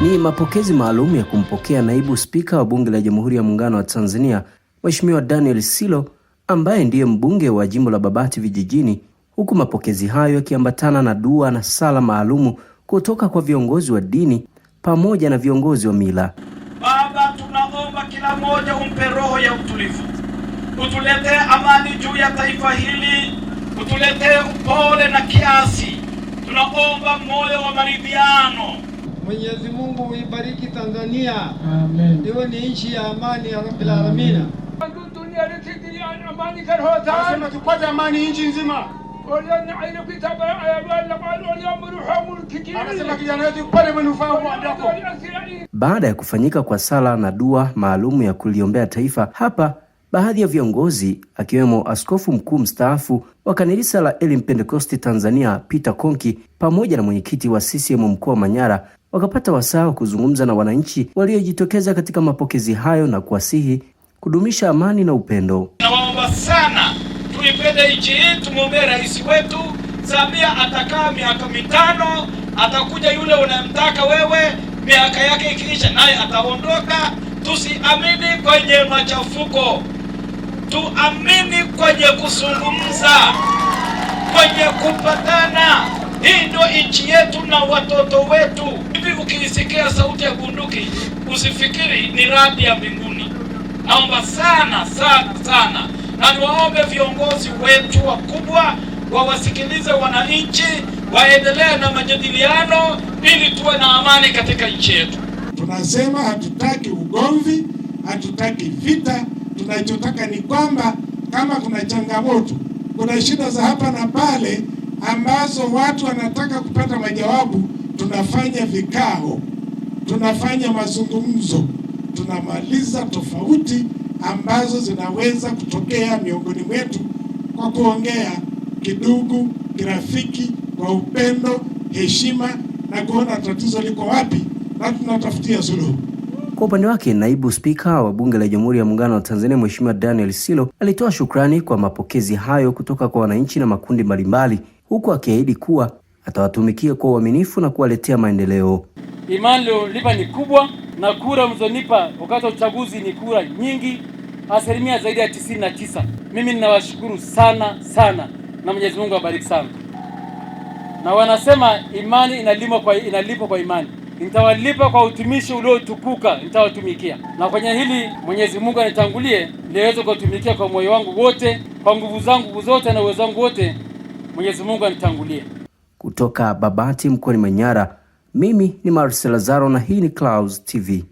Ni mapokezi maalum ya kumpokea naibu spika wa bunge la Jamhuri ya Muungano wa Tanzania, Mheshimiwa Daniel Silo ambaye ndiye mbunge wa jimbo la Babati Vijijini, huku mapokezi hayo yakiambatana na dua na sala maalumu kutoka kwa viongozi wa dini pamoja na viongozi wa mila. Baba, tunaomba kila mmoja umpe roho ya utulivu, utuletee amani juu ya taifa hili, utuletee upole na kiasi. Tunaomba moyo wa maridhiano Mwenyezi Mungu uibariki Tanzania. Amen. Iwe ni nchi ya amani ya Rabbil Alamin. tupate amani nchi nzima. Baada ya kufanyika kwa sala na dua maalumu ya kuliombea taifa hapa, baadhi ya viongozi akiwemo askofu mkuu mstaafu wa kanisa la Elim Pentekoste Tanzania Peter Konki pamoja na mwenyekiti wa CCM mkoa wa Manyara wakapata wasaa wa kuzungumza na wananchi waliojitokeza katika mapokezi hayo na kuwasihi kudumisha amani na upendo. Nawaomba sana tuipende nchi hii, tumwombee rais wetu Samia. Atakaa miaka mitano, atakuja yule unayemtaka wewe, miaka yake ikiisha naye ataondoka. Tusiamini kwenye machafuko, tuamini kwenye kuzungumza, kwenye kupatana. Hii ndio nchi yetu na watoto wetu ukisikia sauti ya bunduki usifikiri ni radi ya mbinguni. Naomba sana sana sana, na niwaombe viongozi wetu wakubwa wawasikilize wananchi, waendelee na majadiliano ili tuwe na amani katika nchi yetu. Tunasema hatutaki ugomvi, hatutaki vita. Tunachotaka ni kwamba kama kuna changamoto, kuna shida za hapa na pale ambazo watu wanataka kupata majawabu tunafanya vikao, tunafanya mazungumzo, tunamaliza tofauti ambazo zinaweza kutokea miongoni mwetu kwa kuongea kidugu, kirafiki, kwa upendo, heshima na kuona tatizo liko wapi na tunatafutia suluhu. Kwa upande wake, naibu spika wa bunge la Jamhuri ya Muungano wa Tanzania Mheshimiwa Daniel Silo alitoa shukrani kwa mapokezi hayo kutoka kwa wananchi na makundi mbalimbali, huku akiahidi kuwa atawatumikia kwa uaminifu na kuwaletea maendeleo. Imani liyolipa ni kubwa, na kura mlizonipa wakati wa uchaguzi ni kura nyingi, asilimia zaidi ya tisini na tisa. Mimi ninawashukuru sana sana, na Mwenyezi Mungu awabariki sana. Na wanasema imani inalimwa kwa, inalipwa kwa imani. Nitawalipa kwa utumishi uliotukuka, nitawatumikia. Na kwenye hili Mwenyezi Mungu anitangulie, niweze kuwatumikia kwa moyo wangu wote, kwa nguvu zangu zote na uwezo wangu wote. Mwenyezi Mungu anitangulie. Kutoka Babati mkoani Manyara, mimi ni Marcel Lazaro na hii ni Clouds TV.